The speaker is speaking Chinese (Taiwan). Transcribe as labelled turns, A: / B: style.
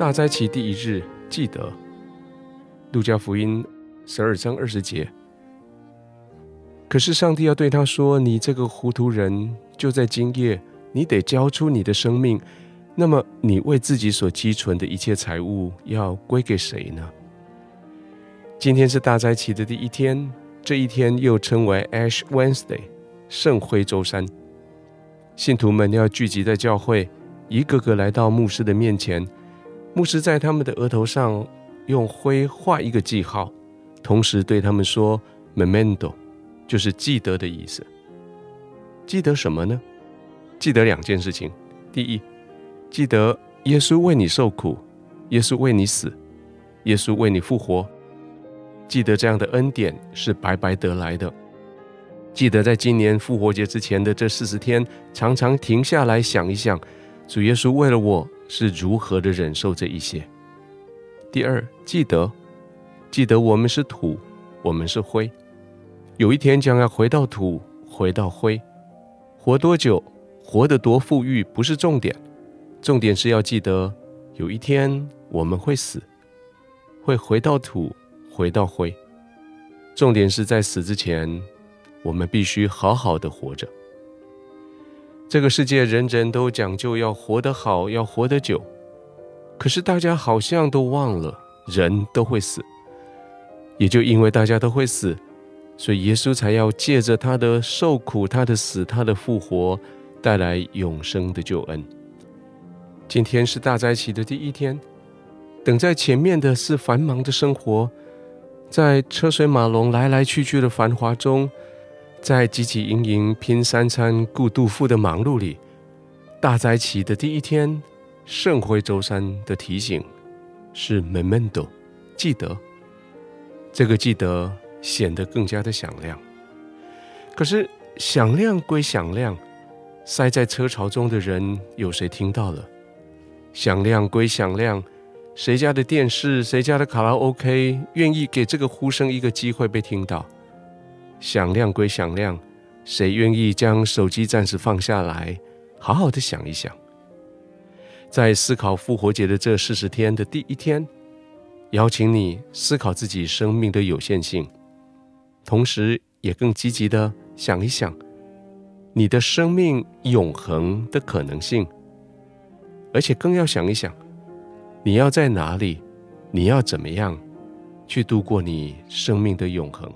A: 大齋期第一日，記得《路加福音》十二章二十節。可是上帝要對他說：“你這個糊塗人，就在今夜，你得交出你的生命。那麼，你為自己所積存的一切財物，要歸給誰呢？”今天是大齋期的第一天，這一天又稱為 Ash Wednesday，聖灰週三。信徒們要聚集在教會，一個個來到牧師的面前。牧師在他們的額頭上用灰畫一個記號，同時對他們說：“Memento，就是記得的意思。記得什麼呢？記得兩件事情。第一，記得耶穌為你受苦，耶穌為你死，耶穌為你復活。記得這樣的恩典是白白得來的。記得在今年復活節之前的這四十天，常常停下來想一想，主耶穌為了我。”是如何的忍受這一些？第二，記得，記得我們是土，我們是灰，有一天將要回到土，回到灰。活多久，活得多富裕不是重點，重點是要記得，有一天我們會死，會回到土，回到灰。重點是在死之前，我們必須好好的活着。這個世界，人人都講究要活得好，要活得久，可是大家好像都忘了，人都會死。也就因為大家都會死，所以耶穌才要借着他的受苦、他的死、他的復活，帶來永生的救恩。今天是大齋期的第一天，等在前面的是繁忙的生活，在車水馬龍、來來去去的繁華中，在汲汲營營拼三餐、顧肚腹的忙碌裡，大齋期的第一天，聖灰週三的提醒是 “Memento”，記得。這個“記得”顯得更加的響亮。可是響亮歸響亮，塞在車潮中的人有誰聽到了？響亮歸響亮，誰家的電視、誰家的卡拉 OK 願意給這個呼聲一個機會被聽到？響亮歸響亮，誰願意將手機暫時放下來，好好的想一想？在思考復活節的這四十天的第一天，邀請你思考自己生命的有限性，同時也更積極的想一想你的生命永恆的可能性，而且更要想一想，你要在哪裡，你要怎麼樣去度過你生命的永恆。